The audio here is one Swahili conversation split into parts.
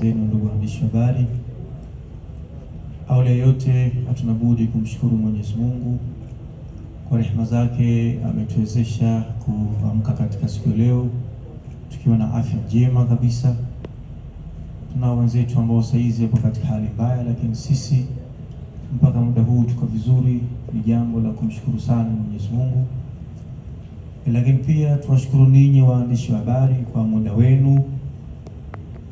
zenu, ndugu waandishi wa habari. Awali yote hatuna budi kumshukuru Mwenyezi Mungu kwa rehema zake ametuwezesha kuamka katika siku leo tukiwa na afya njema kabisa. Tuna wenzetu ambao saizi hapo katika hali mbaya, lakini sisi mpaka muda huu tuko vizuri, ni jambo la kumshukuru sana Mwenyezi Mungu. Lakini pia tuwashukuru ninyi waandishi wa habari kwa muda wenu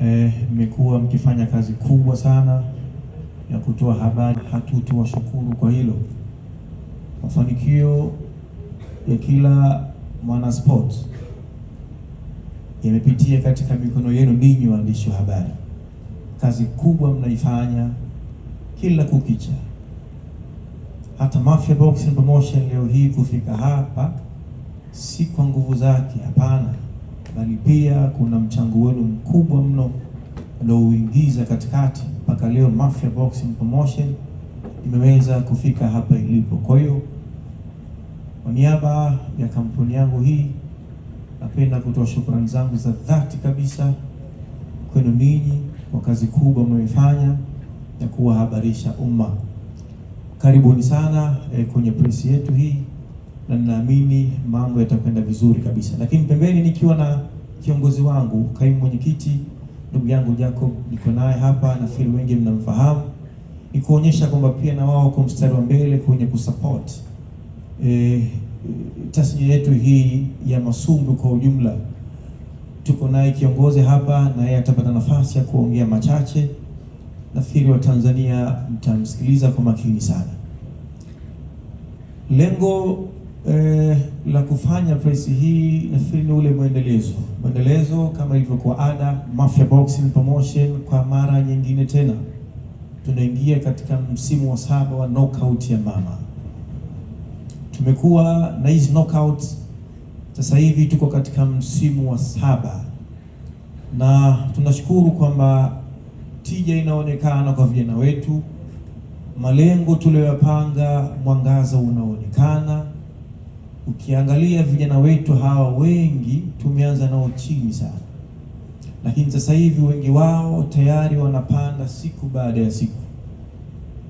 mmekuwa eh, mkifanya kazi kubwa sana ya kutoa habari. Hatutowashukuru kwa hilo. Mafanikio ya kila sport yamepitia katika mikono yenu ninyi waandishi wa habari. Kazi kubwa mnaifanya kila kukicha. Hata Mafia Boxing Promotion leo hii kufika hapa si kwa nguvu zake, hapana bali pia kuna mchango wenu mkubwa mno uingiza katikati mpaka leo Mafia Boxing Promotion imeweza kufika hapa ilipo. Kwa hiyo kwa niaba ya kampuni yangu hii napenda kutoa shukrani zangu za dhati kabisa kwenu ninyi kwa kazi kubwa mmefanya ya kuwahabarisha umma. Karibuni sana eh, kwenye presi yetu hii na ninaamini mambo yatakwenda vizuri kabisa. Lakini pembeni nikiwa na kiongozi wangu, kaimu mwenyekiti, ndugu yangu Jacob, niko naye hapa, nafikiri wengi mnamfahamu, nikuonyesha kwamba pia na wao wako mstari wa mbele kwenye kusupport e, tasnia yetu hii ya masumbu kwa ujumla. Tuko naye kiongozi hapa, na yeye atapata nafasi ya kuongea machache. Nafikiri Watanzania mtamsikiliza kwa makini sana. Lengo Eh, la kufanya press hii nafikiri ni ule mwendelezo mwendelezo, kama ilivyokuwa ada, Mafia Boxing Promotion kwa mara nyingine tena tunaingia katika msimu wa saba wa knockout ya mama. Tumekuwa na hizi knockout, sasa hivi tuko katika msimu wa saba na tunashukuru kwamba tija inaonekana kwa vijana wetu, malengo tuliyoyapanga, mwangaza unaonekana Ukiangalia vijana wetu hawa wengi tumeanza nao chini sana, lakini sasa hivi wengi wao tayari wanapanda siku baada ya siku.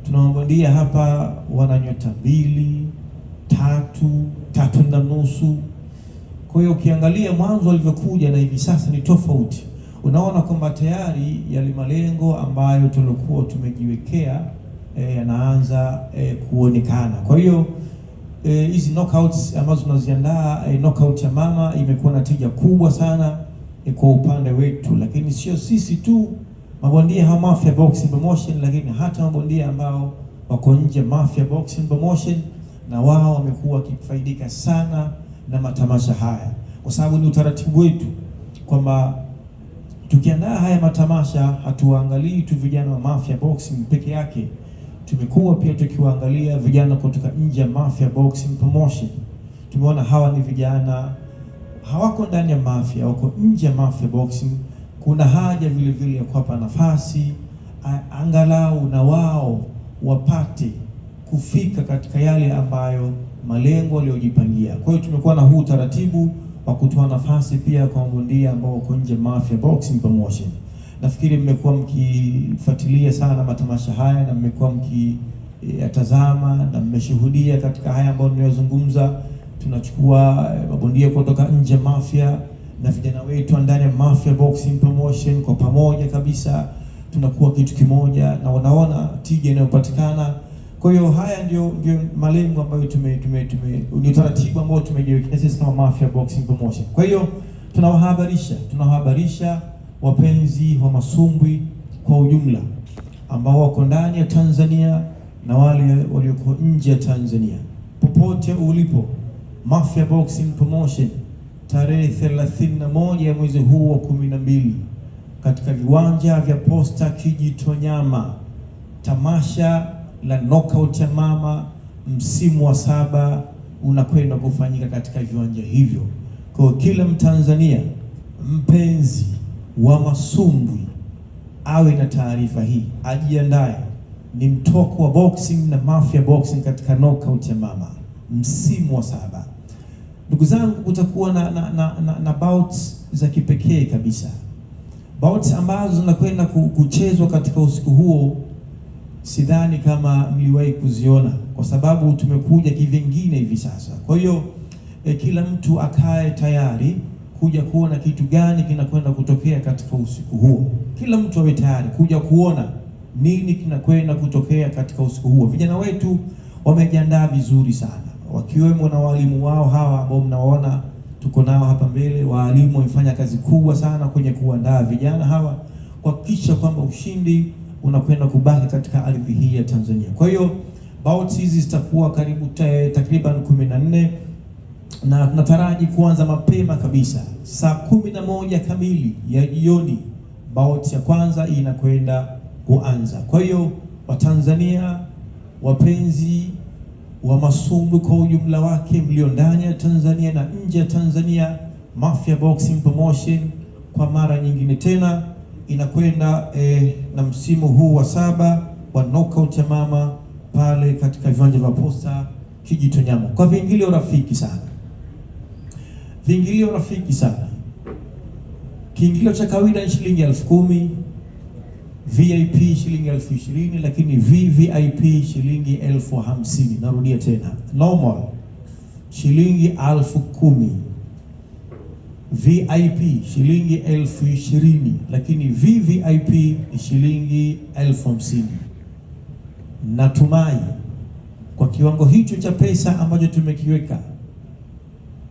Tunawaambia hapa wana nyota mbili tatu tatu na nusu. Kwa hiyo ukiangalia mwanzo alivyokuja na hivi sasa ni tofauti, unaona kwamba tayari yale malengo ambayo tulikuwa tumejiwekea eh, yanaanza e, kuonekana. Kwa hiyo Eh, hizi e, knockouts ambazo tunaziandaa e, knockout ya mama imekuwa na tija kubwa sana e, kwa upande wetu, lakini sio sisi tu mabondia hawa Mafia Boxing Promotion, lakini hata mabondia ambao wako nje Mafia Boxing Promotion, na wao wamekuwa wakifaidika sana na matamasha haya, kwa sababu ni utaratibu wetu kwamba tukiandaa haya matamasha hatuangalii tu vijana wa Mafia Boxing peke yake. Tumekuwa pia tukiwaangalia vijana kutoka nje ya Mafia Boxing Promotion. Tumeona hawa ni vijana hawako ndani ya Mafia, wako nje ya Mafia Boxing. Kuna haja vile vile ya kuwapa nafasi angalau na wao wapate kufika katika yale ambayo malengo waliyojipangia. Kwa hiyo tumekuwa na huu utaratibu wa kutoa nafasi pia kwa mabondia ambao wako nje Mafia Boxing Promotion. Nafikiri mmekuwa mkifuatilia sana matamasha haya na mmekuwa mkiyatazama na mmeshuhudia katika haya ambayo ninayozungumza. Tunachukua eh, mabondia kutoka nje Mafia na vijana wetu ndani ya Mafia Boxing Promotion, kwa pamoja kabisa tunakuwa kitu kimoja na wanaona tija inayopatikana. Kwa hiyo haya ndio ndio malengo ambayo tume tume tume ndio taratibu ambayo tumejiwekea sisi kama Mafia Boxing Promotion. Kwa hiyo tunawahabarisha tunawahabarisha wapenzi wa masumbwi kwa ujumla ambao wako ndani ya Tanzania na wale walioko nje ya Tanzania, popote ulipo, Mafia Boxing Promotion tarehe 31 ya mwezi huu wa 12 katika viwanja vya Posta Kijitonyama, tamasha la knockout ya mama msimu wa saba unakwenda kufanyika katika viwanja hivyo. Kwa kila Mtanzania mpenzi wa masumbwi awe na taarifa hii, ajiandae. Ni mtoko wa boxing na Mafia Boxing katika knockout ya mama msimu wa saba. Ndugu zangu, kutakuwa na, na, na, na, na bouts za kipekee kabisa, bouts ambazo zinakwenda kuchezwa katika usiku huo. Sidhani kama mliwahi kuziona, kwa sababu tumekuja kivingine hivi sasa. Kwa hiyo eh, kila mtu akae tayari kuja kuona kitu gani kinakwenda kutokea katika usiku huo. Kila mtu awe tayari kuja kuona nini kinakwenda kutokea katika usiku huo. Vijana wetu wamejiandaa vizuri sana, wakiwemo na walimu wao hawa ambao mnaona tuko nao hapa mbele. Walimu wamefanya kazi kubwa sana kwenye kuandaa vijana hawa kuhakikisha kwamba ushindi unakwenda kubaki katika ardhi hii ya Tanzania. Kwa hiyo bauti hizi zitakuwa karibu takriban kumi na nne na nataraji kuanza mapema kabisa saa kumi na moja kamili ya jioni, bauti ya kwanza inakwenda kuanza. Kwa hiyo Watanzania wapenzi wa masumbwi kwa ujumla wake, mlio ndani ya Tanzania na nje ya Tanzania, Mafia Boxing Promotion kwa mara nyingine tena inakwenda eh, na msimu huu wa saba wa knockout ya mama pale katika viwanja vya Posta Kijitonyama kwa viingilio rafiki sana. Viingilio rafiki sana. Kiingilio cha kawaida ni shilingi elfu kumi, VIP shilingi elfu ishirini, lakini VVIP shilingi elfu hamsini. Narudia tena, normal shilingi elfu kumi, VIP shilingi elfu ishirini, lakini VVIP ni shilingi elfu hamsini. Natumai kwa kiwango hicho cha pesa ambacho tumekiweka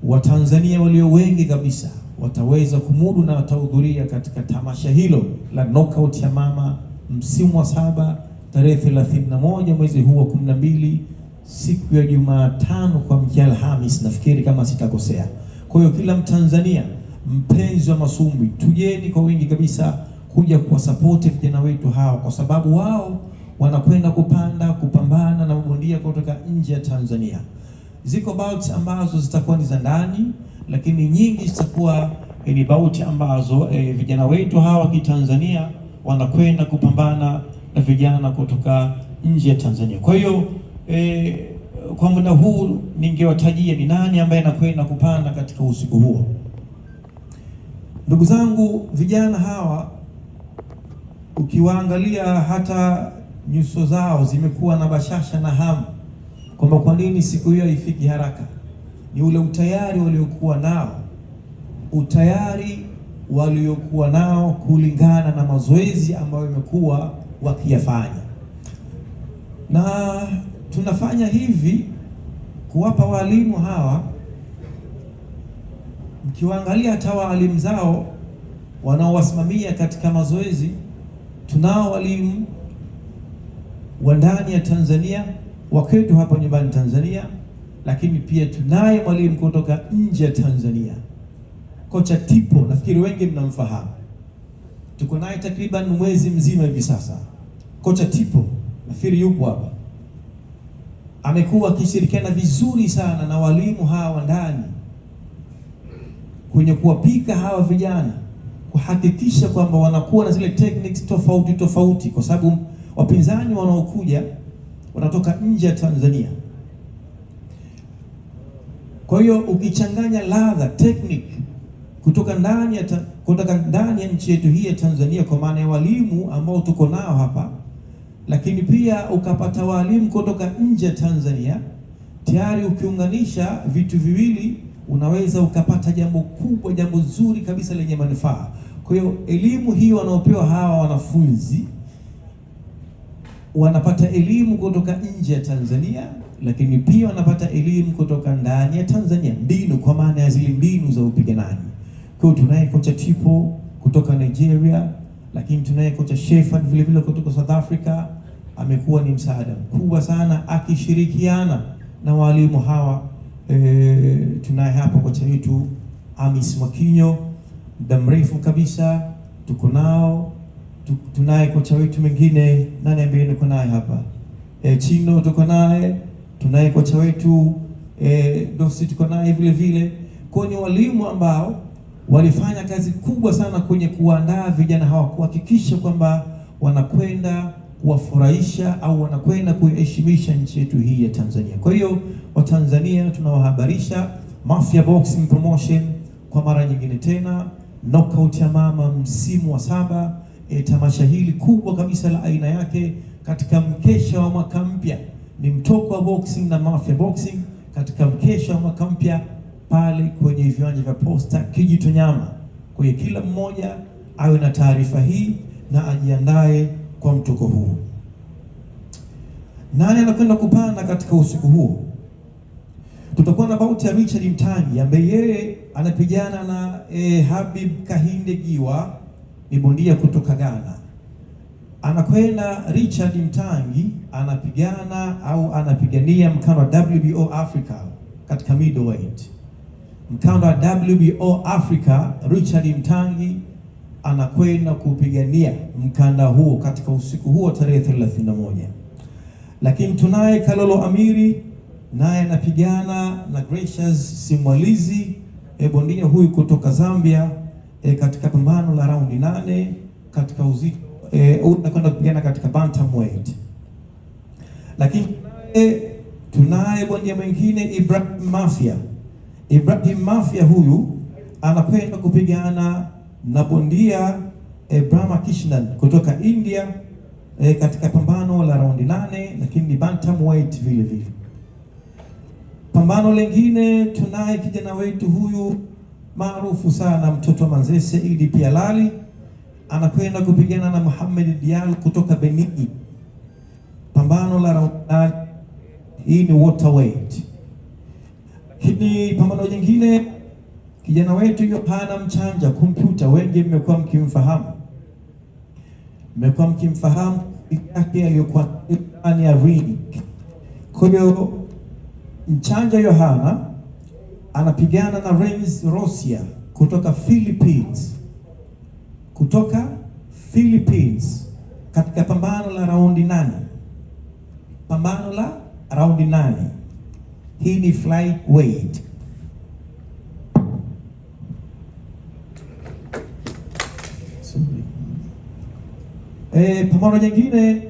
Watanzania walio wengi kabisa wataweza kumudu na watahudhuria katika tamasha hilo la knockout ya mama msimu wa saba tarehe 31 mwezi huu wa 12 siku ya Jumatano kwa mkia Alhamis, nafikiri kama sitakosea. Kwa hiyo kila Mtanzania mpenzi wa masumbwi, tujeni kwa wingi kabisa kuja kuwasapoti vijana wetu hawa, kwa sababu wao wanakwenda kupanda kupambana na mabondia kutoka nje ya Tanzania. Ziko bauti ambazo zitakuwa ni za ndani, lakini nyingi zitakuwa eh, ni bauti ambazo e, vijana wetu hawa wa Kitanzania wanakwenda kupambana na vijana kutoka nje ya Tanzania. Kwa hiyo e, kwa muda huu ningewatajia ni nani ambaye anakwenda kupanda katika usiku huo. Ndugu zangu, vijana hawa ukiwaangalia hata nyuso zao zimekuwa na bashasha na hamu kwamba kwa nini siku hiyo haifiki haraka, ni ule utayari waliokuwa nao, utayari waliokuwa nao kulingana na mazoezi ambayo wamekuwa wakiyafanya, na tunafanya hivi kuwapa walimu hawa. Mkiwaangalia hata waalimu zao wanaowasimamia katika mazoezi, tunao walimu wa ndani ya Tanzania wakwetu hapa nyumbani Tanzania, lakini pia tunaye mwalimu kutoka nje ya Tanzania, kocha Tipo, nafikiri wengi mnamfahamu. Tuko naye takriban mwezi mzima hivi sasa. Kocha Tipo nafikiri yupo hapa, amekuwa akishirikiana vizuri sana na walimu hawa ndani kwenye kuwapika hawa vijana, kuhakikisha kwamba wanakuwa na zile techniques tofauti tofauti, kwa sababu wapinzani wanaokuja wanatoka nje ya Tanzania. Kwa hiyo ukichanganya ladha technique kutoka ndani ya kutoka ndani ya nchi yetu hii ya Tanzania, kwa maana ya walimu ambao tuko nao hapa, lakini pia ukapata walimu kutoka nje ya Tanzania, tayari ukiunganisha vitu viwili unaweza ukapata jambo kubwa, jambo zuri kabisa lenye manufaa. Kwa hiyo elimu hii wanaopewa hawa wanafunzi wanapata elimu kutoka nje ya Tanzania, lakini pia wanapata elimu kutoka ndani ya Tanzania, mbinu kwa maana ya zile mbinu za upiganaji. Kwa hiyo tunaye kocha Tipo kutoka Nigeria, lakini tunaye kocha Shefan vile vile kutoka South Africa. Amekuwa ni msaada mkubwa sana akishirikiana na walimu hawa. E, tunaye hapa kocha wetu Amis Mwakinyo, muda mrefu kabisa tuko nao tunaye kocha wetu mwingine nani ambaye niko naye hapa e, Chino tuko naye, tunaye kocha wetu e, Dosi tuko naye vile vile. Kwa ni walimu ambao walifanya kazi kubwa sana kwenye kuandaa vijana hawa, kuhakikisha kwamba wanakwenda kuwafurahisha au wanakwenda kuheshimisha nchi yetu hii ya Tanzania. Kwa hiyo Watanzania tunawahabarisha Mafia Boxing Promotion kwa mara nyingine tena, knockout ya mama msimu wa saba e, tamasha hili kubwa kabisa la aina yake katika mkesha wa mwaka mpya. Ni mtoko wa boxing na Mafia Boxing katika mkesha wa mwaka mpya pale kwenye viwanja vya Posta Kijitonyama. Kwa hiyo kila mmoja awe na taarifa hii na ajiandae kwa mtoko huu. Nani anakwenda kupanda katika usiku huu? Tutakuwa na bauti ya Richard Mtangi ambaye yeye anapigana na eh, Habib Kahinde Giwa ni bondia kutoka Ghana, anakwenda Richard Mtangi anapigana au anapigania mkano wa WBO Africa katika middleweight. Mkano wa WBO Africa, Richard Mtangi anakwenda kupigania mkanda huo katika usiku huo tarehe 31, lakini tunaye Kalolo Amiri naye anapigana na Gracious Simwalizi, bondia huyu kutoka Zambia e, katika pambano la raundi nane katika uzito e, unakwenda kupigana katika bantamweight, lakini e, tunaye bondia mwingine Ibrahim Mafia. Ibrahim Mafia huyu anakwenda kupigana na bondia e, Brahma Krishnan kutoka India e, katika pambano la raundi nane, lakini ni bantamweight vile vile. Pambano lingine tunaye kijana wetu huyu maarufu sana mtoto wa Manzese Idi Pialali anakwenda kupigana na Muhammad dial kutoka Benin, pambano la raundi hii ni waterweight. Hili pambano jingine, kijana wetu Yohana Mchanja kompyuta, wengi mmekuwa mkimfahamu, mmekuwa mkimfahamu yake aliyokuwa ndani ya ring. Kwa hiyo Mchanja Yohana anapigana na Rems Rosia kutoka Philippines, kutoka Philippines katika pambano la raundi nane, pambano la raundi nane. Hii ni flyweight. E, pambano nyingine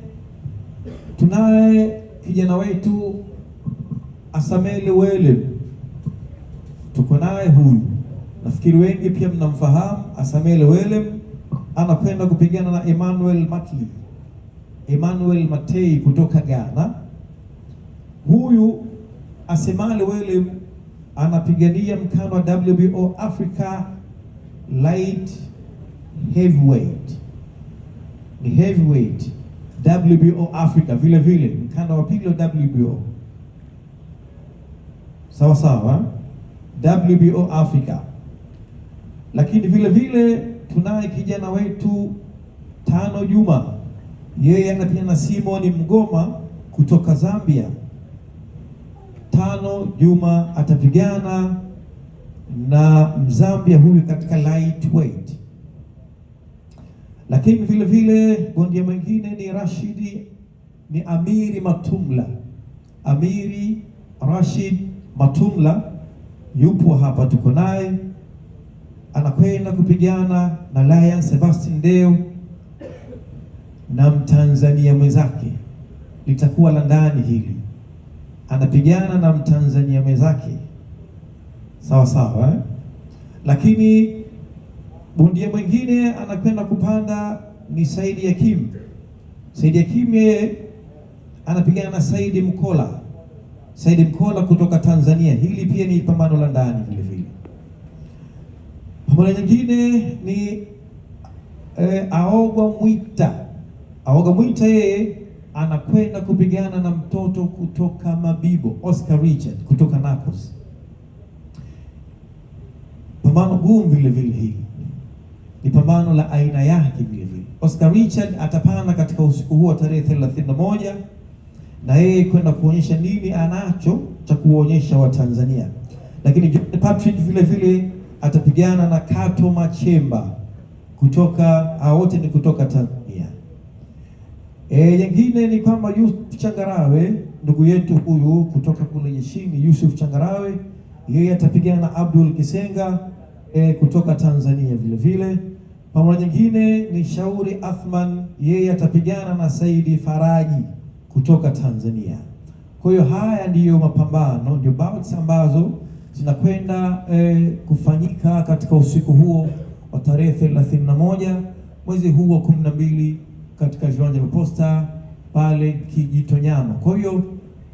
tunaye kijana wetu Asamele Wele mwanaye huyu, nafikiri wengi pia mnamfahamu, Asamele Welem anapenda kupigana na Emmanuel Matli, Emmanuel Matei kutoka Ghana. Huyu Asamele Welem anapigania mkano wa WBO Africa light heavyweight, ni heavyweight WBO Africa vile vile mkanda wa pili wa WBO sawa sawa. Eh? WBO Africa, lakini vile vile tunaye kijana wetu Tano Juma, yeye anapigana na Simon Mgoma kutoka Zambia. Tano Juma atapigana na Mzambia huyu katika lightweight, lakini vile vile bondia mwingine ni Rashidi ni Amiri Matumla, Amiri Rashid Matumla yupo hapa, tuko naye anakwenda kupigana na Lion Sebastian Deo na Mtanzania mwenzake, litakuwa la ndani hili, anapigana na Mtanzania mwenzake sawa sawa eh? Lakini bondia mwingine anakwenda kupanda ni Saidi Hakim. Saidi Hakim yeye anapigana na Saidi Mkola Said Mkola kutoka Tanzania. Hili pia ni pambano la ndani vile vile. Pambano nyingine ni e, eh, Aoga Mwita. Aoga Mwita yeye anakwenda kupigana na mtoto kutoka Mabibo, Oscar Richard kutoka Nakos. Pambano gumu vile vile, hili ni pambano la aina yake vile vile. Oscar Richard atapanda katika usiku huu wa tarehe 31 na yeye kwenda kuonyesha nini anacho cha kuonyesha Watanzania. Lakini John Patrick vile vile atapigana na Kato Machemba kutoka wote ni kutoka Tanzania. E, yengine ni kwamba Yusuf Changarawe ndugu yetu huyu kutoka kule yeshini Yusuf Changarawe yeye atapigana na Abdul Kisenga e, kutoka Tanzania vile vile. Pamoja nyingine ni Shauri Athman yeye atapigana na Saidi Faraji kutoka Tanzania. Kwa hiyo haya ndiyo mapambano, ndio bouts ambazo zinakwenda eh, kufanyika katika usiku huo wa tarehe 31 mwezi huu wa 12 katika viwanja vya Posta pale Kijitonyama. Kwa hiyo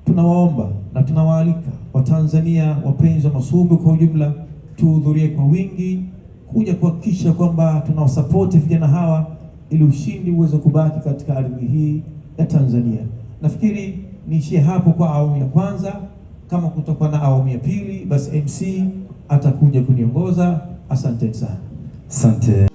tunawaomba na tunawaalika Watanzania wapenzi wa masumbu kwa ujumla, tuhudhurie kwa wingi kuja kuhakikisha kwamba tunawasapoti vijana hawa ili ushindi uweze kubaki katika ardhi hii ya Tanzania. Nafikiri niishie hapo kwa awamu ya kwanza. Kama kutakuwa na awamu ya pili, basi MC atakuja kuniongoza. Asante sana, asante.